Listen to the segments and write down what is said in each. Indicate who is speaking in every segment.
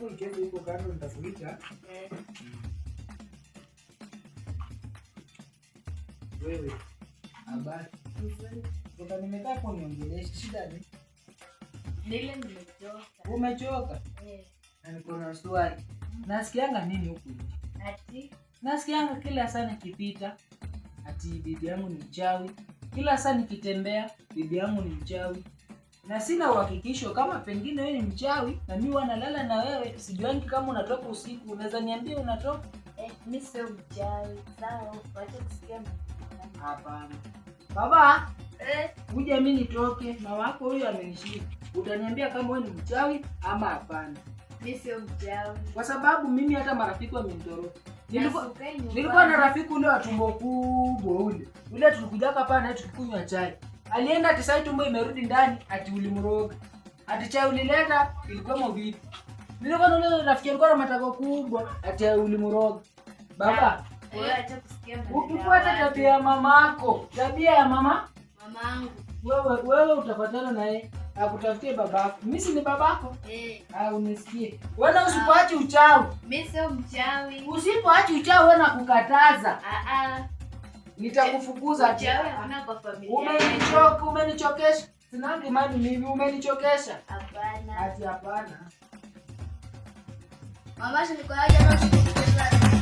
Speaker 1: hapo ikiweza iko kando nitafunika. Wewe habari toka nimekaa kwa niongeleshe, shida ni
Speaker 2: nile nimechoka.
Speaker 1: Umechoka? Eh. Na niko na swali. Nasikianga nini huku Ati nasikianga kila saa nikipita ati bibi yangu ni mchawi, kila saa nikitembea bibi yangu ni mchawi na sina uhakikisho kama pengine wewe ni mchawi na mimi wanalala na wewe, sijuangi kama unatoka usiku. Unaweza niambia unatoka?
Speaker 2: Eh, mimi sio mchawi. Sawa, wacha
Speaker 1: Hapana baba, eh, kuja mimi nitoke na wako huyo amenishika. Utaniambia kama wewe ni mchawi ama hapana.
Speaker 2: Mimi sio mchawi,
Speaker 1: kwa sababu mimi hata marafiki wamenitoroka. Nilikuwa na rafiki ule wa tumbo kubwa ule ule, tulikujaka hapa tukikunywa chai alienda atisai tumbo imerudi ndani, ati ulimroga, ati chai ulileta ilikuwa mvipi Nilikuwa naona rafiki yangu ana matako kubwa, ati ulimroga. Baba, ukifuata tabia ya mamako, tabia ya mama mamangu, wewe wewe utapatana naye akutafutie babako. Mimi si ni babako eh? Au unisikie wewe, usipoachi ah. uchawi.
Speaker 2: Mimi sio mchawi.
Speaker 1: Usipoachi uchawi wewe, nakukataza.
Speaker 2: Ah ah
Speaker 1: nitakufukuza umenichoka, umenichokesha. Sina imani mimi, umenichokesha.
Speaker 2: Hapana, hapana. Mama, na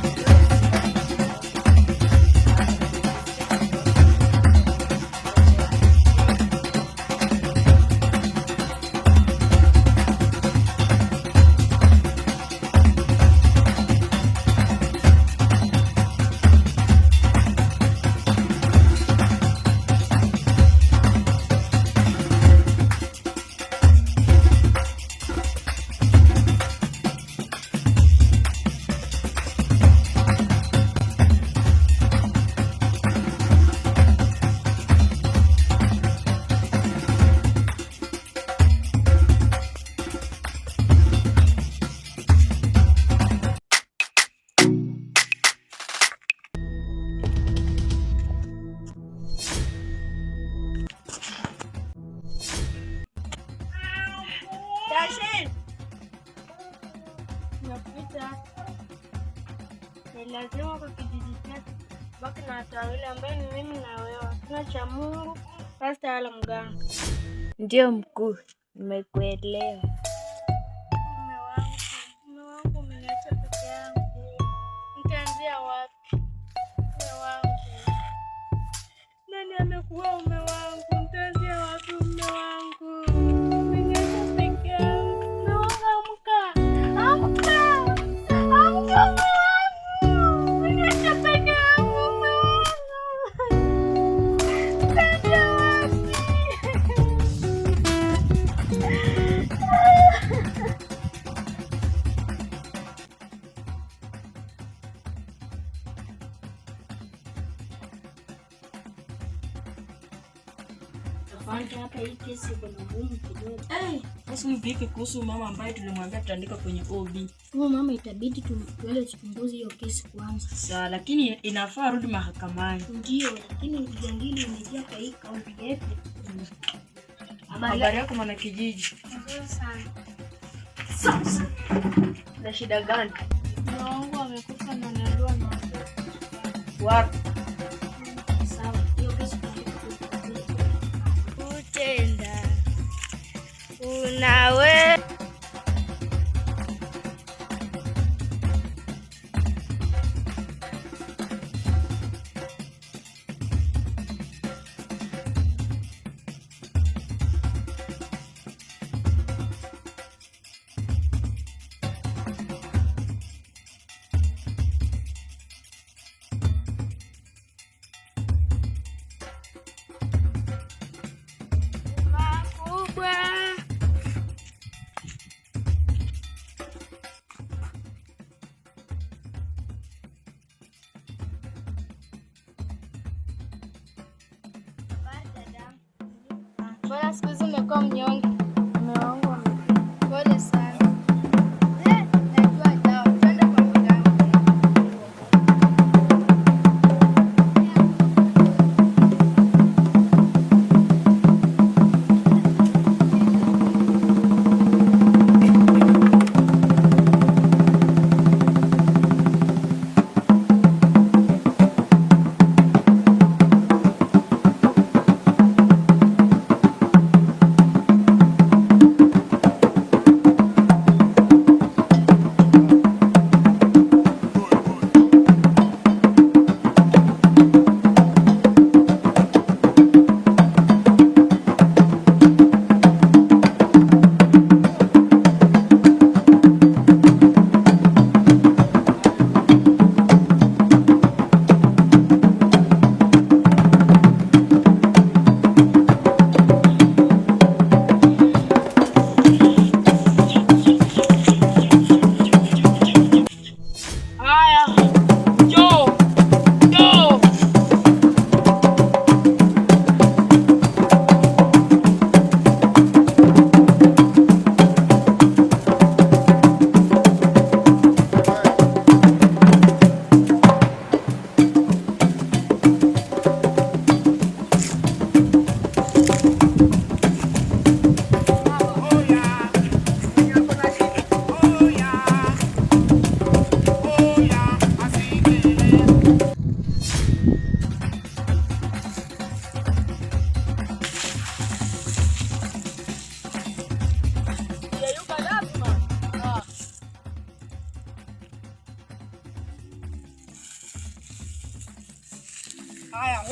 Speaker 2: lazima kwa kijiji chetu baki na watu wawili ambaye ni mimi na wewe. hatuna cha Mungu, pasta wala mganga. Ndio mkuu, nimekuelewa. Mume wangu umeniacha nitaanzia wapi? Mume wangu, nani amekuwa mume wangu? tutaandika kwenye OB. Huyo mama itabidi tumtuele tuchunguze hiyo kesi kwanza. Sawa, lakini inafaa arudi mahakamani. Ndio, lakini ujangili umejia kwa hii kaunti yetu. Habari yako mwana kijiji? Nzuri sana. Na shida gani? Mungu amekufa na ndoa na wapi? Sawa, hiyo Unawe Buenas coisas, meu caminhão.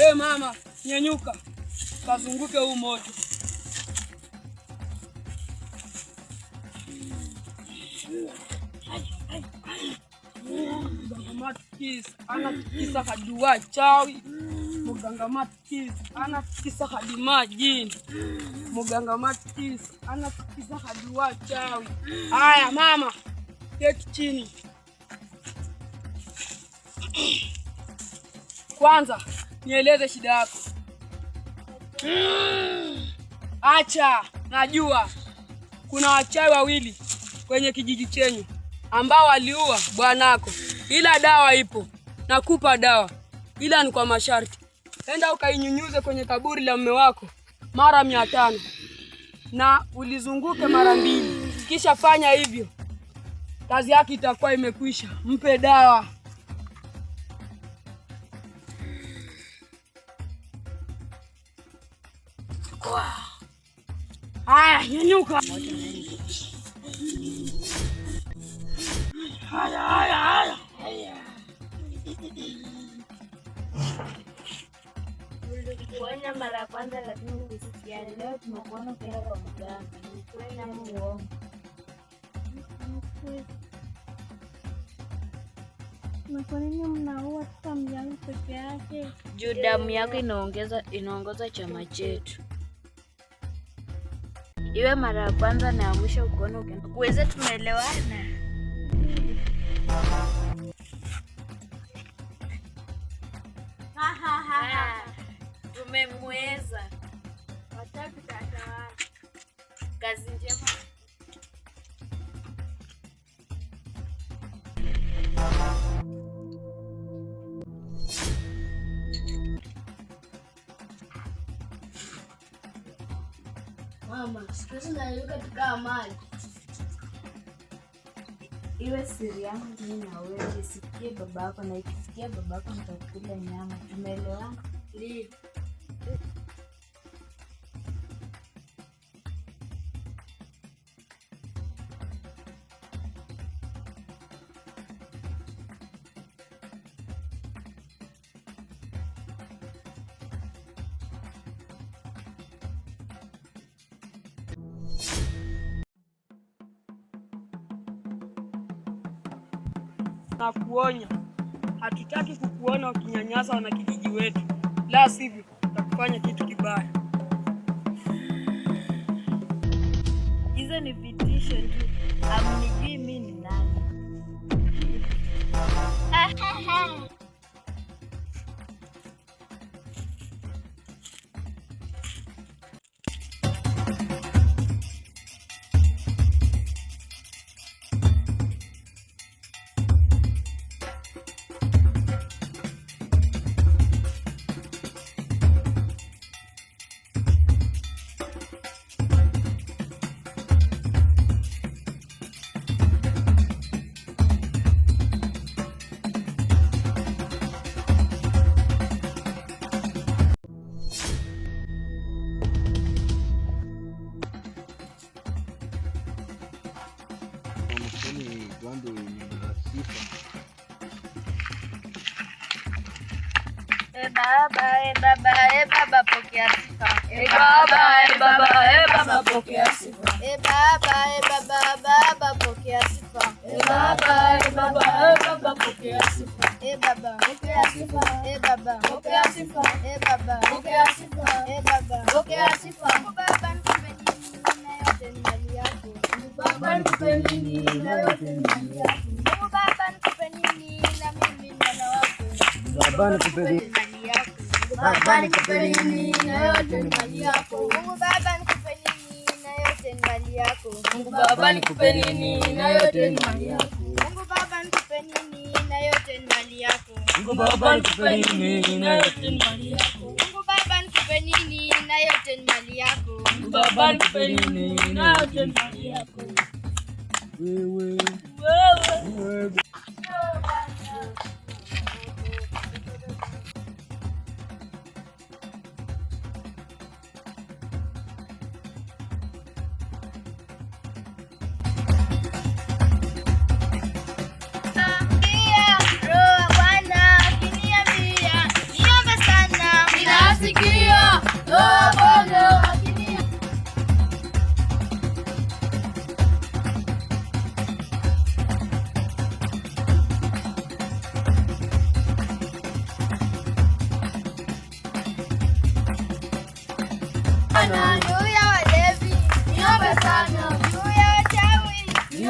Speaker 2: We mama, nyenyuka, kazunguke huu moto. Matikisa anatikisa hadi wachawi, muganga matikisa anatikisa hadi majini, muganga matikisa anatikisa hadi wachawi. Haya mama, keti chini kwanza nieleze shida yako. acha najua kuna wachawi wawili kwenye kijiji chenyu ambao waliua bwanako, ila dawa ipo, nakupa dawa, ila ni kwa masharti. Enda ukainyunyuze kwenye kaburi la mume wako mara mia tano na ulizunguke mara mbili. Kisha fanya hivyo, kazi yako itakuwa imekwisha. Mpe dawa. Haya, nyanyuka. Haya, haya, haya. Kuona mara kwanza Leo tumekuona kwa Ni kweli uongo? Na kwa nini mnaua peke yake? Juu damu yako inaongeza inaongoza chama chetu iwe mara ya kwanza na ya mwisho kuona uweze, tumeelewana? Tumemweza. Kazi njema. Kisha naiweka tukawa maji, iwe siri yangu mimi na wewe, isikie babako, na ikisikia babako nitakula nyama. Tumeelewana? Ndio. wakinyanyasa wana kijiji wetu, la sivyo utakufanya kitu kibaya. Hizo ni vitisho tu, amnijui mimi ni nani. pokea sifa. E Baba, e Baba, Baba pokea sifa. E Baba, e Baba, Baba pokea sifa. E Baba, pokea sifa. E Baba, pokea sifa. E Baba, pokea sifa. E Baba, pokea sifa. Oh, baba nikupe nini na yote ni mali yako. Oh, baba nikupe nini na yote ni mali yako. Oh, baba nikupe nini na yote ni mali yako. Baba yako. Mungu Baba nikupe nini na yote ni mali yako. Mungu Baba nikupe nini na yote ni mali yako. Mungu Baba nikupe nini na yote ni mali yako. Mungu Baba nikupe nini na yote ni mali yako. Mungu Baba nikupe nini na yote ni mali yako. Wewe wewe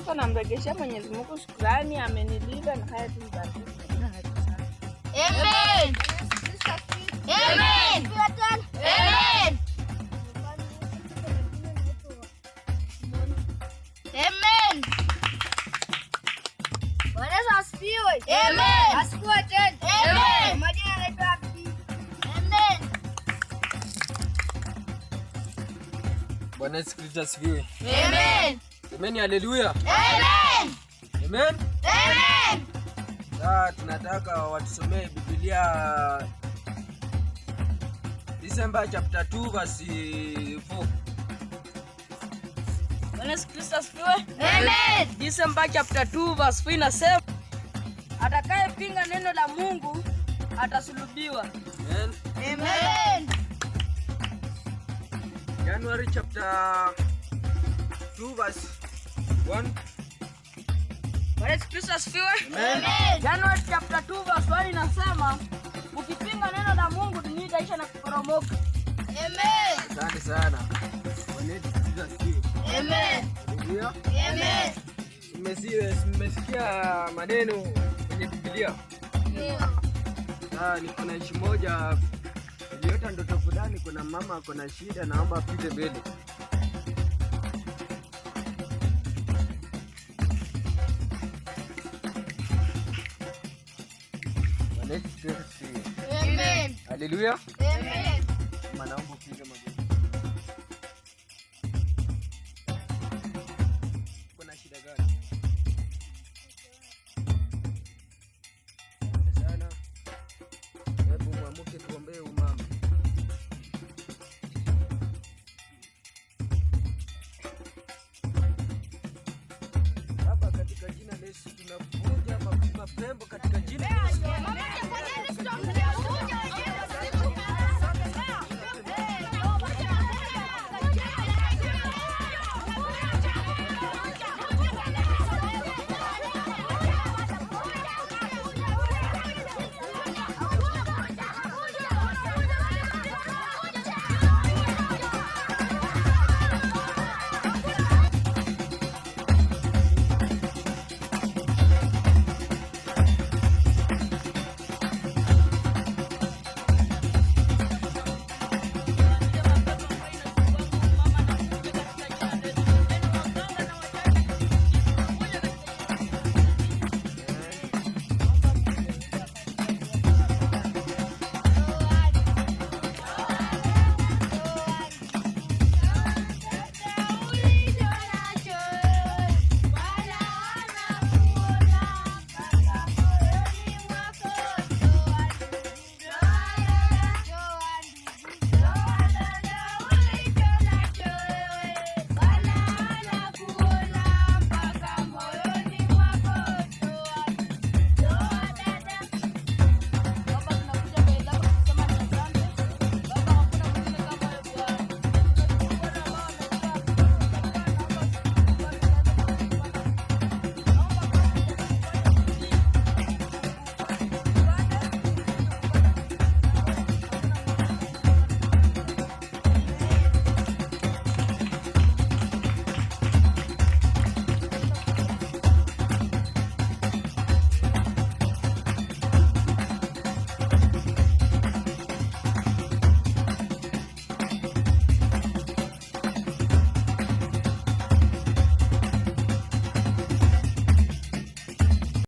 Speaker 2: hapa, namrejeshea Mwenyezi Mungu shukrani, amenilinda na haya Amen. Amen. Amen. Amen. Amen. Amen. Amen. Asifiwe tena. Amen. Majina yanaitwa Amen. Bwana Yesu Kristo asifiwe. Amen. Semeni haleluya. Amen. Amen. Amen. Sasa tunataka watusomee Biblia December chapter 2 verse 4. Bwana Kristo asifiwe. Amen. December chapter 2 verse 4 inasema atakayepinga neno la Mungu atasulubiwa. Amen. Amen. chapter 2 verse January chapter 2 verse 1 inasema ukipinga neno la Mungu dunia itaisha na kuporomoka. Amen. Asante sana. Mmesikia maneno kwenye Biblia? Ah, Ndio. ishi moja iliota ndoto fulani, kuna mama ako na shida, naomba apite mbele Alléluia.